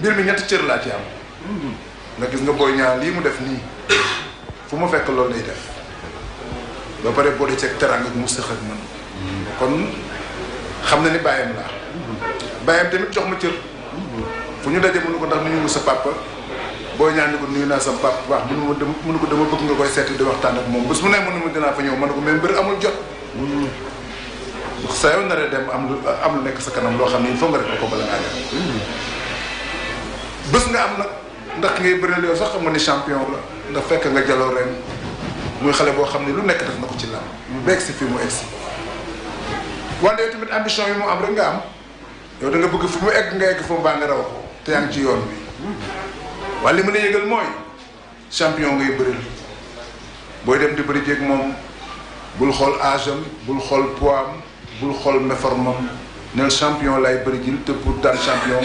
mbir mi ñett cër la ci am hmm. na gis nga boy ñaan li mu def ni fu ma fekk lool lay def ba pare di ceeg terang ak musax ak man hmm. kon xam na ni bayam la hmm. bayam tamit jox ma cër fu ñu dajé mënu ko ndax ñu sa papa boy ñaan ni ko ñu na sa papa wax mënu ma mënu ko dama bëgg nga koy sétti di waxtaan ak mom bës mu ne mënu ma dina fa ñëw man ko mais mbir amul jot ndax saa yow naree dem am lu am lu nekk sa kanam loo xam ne nga rek ko bala ngaa dem bés nga am nag ndax ngay bëreel yow sax xam nga ni champion la ndax fekk nga jaloo ren muy xale boo xam ne lu nekk def na ko ci làmb beeg si fii mu egg si wante yow tamit ambition yi mu am rek nga am yow da nga bëgg fi mu egg nga egg foofu mbaa nga raw te am ci yoon bi waaye li ma la yëgal mooy champion ngay bëril booy dem di bëri jéeg moom bul xool âge am bul xool poids bul xool méforme am neel champion lay bëri jil te pour daan champion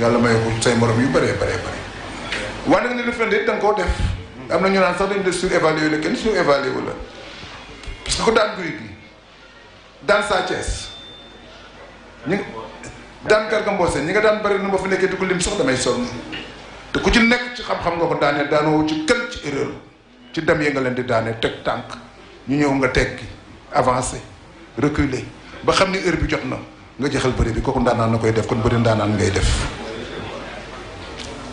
yàlla may ko say morom yu bëree bëree bëri wane ne def na de da koo def am na ñu naan sax dañ de surévalué la kenn surévalué wu la parce que ku daan guy gi daan Sa Thiès ñi daan Garga Mbossé ñi nga daan bëri nu ma fi nekkee di ko lim sax damay sonn te ku ci nekk ci xam-xam nga ko daanee daanoo ci kenn ci erreur ci dem yi nga leen di daanee teg tànk ñu ñëw nga teg ki avancé reculer ba xam ni heure bi jot na nga jeexal bëri bi kooku ndaanaan la koy def kon bëri ndaanaan ngay def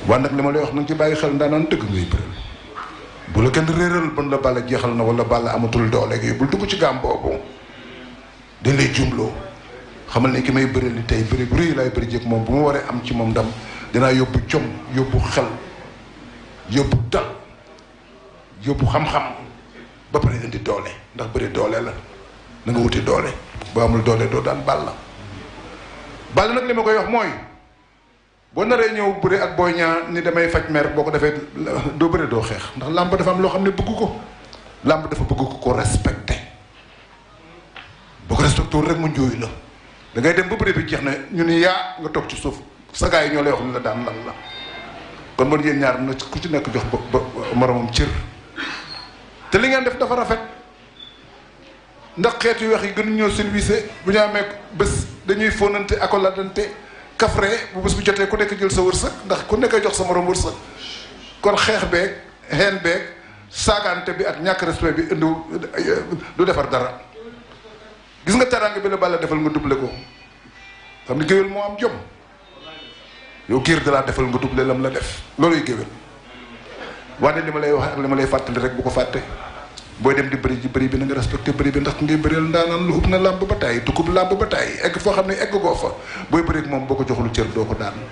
waaye nag li ma lay wax nag ci bàyyi xel ndaanaan dëgg ngay bëral bu la kenn réeral ban la bàll jeexal na wala bàll amatul doole gi bul dugg ci gaam boobu dañ lay jumloo xamal may bëri li tey bëri bu rëy bëri jëkk moom bu waree am ci moom ndam dinaa yóbbu jom yóbbu xel yóbbu dal yóbbu xam-xam ba pare indi doole ndax bëri doole la nanga wuti doole boo amul doole doo daan bàll bàll nag li ma koy wax mooy boo naree ñëw bëri ak Boy Niang ni damay faj mer boo ko defee doo bëri doo xeex ndax làmb dafa am loo xam ne bëgg ko làmb dafa bëgg ko ko respecté boo ko respecté rek mu njóoy la dangay dem ba bëri bi jeex na ñu ni yaa nga toog ci suuf sa gars yi ñoo lay wax ni la daan lan la kon man yéen ñaar mu na ku ci nekk jox ba moromam cër te li ngeen def dafa rafet ndax xeetu weex yi gën ñoo service bu ñu amee bés dañuy fóonante akoladante kafre bu bés bu jotee ku nekk jël sa wërsëg ndax ku nekkay jox sa morom wërsëg kon xeex beeg xeen beeg saagaante bi ak ñàkk respect bi indi du defar dara gis nga teraanga bi la Balla defal nga doublé ko xam ni géwél moo am jom yow giir dalaa defal nga doublé lam la def looluy géwél wane li ma lay wax ak li ma lay fàttali rek bu ko fàttee booy dem di bëri ji bëri bi na nga respecté bëri bi ndax ngay bëreel ndaanaan lu hub na làmb ba tàyyi dugub làmb ba tàyyi egg foo xam ne egg goo fa booy bëreeg moom boo ko joxul cër doo ko daan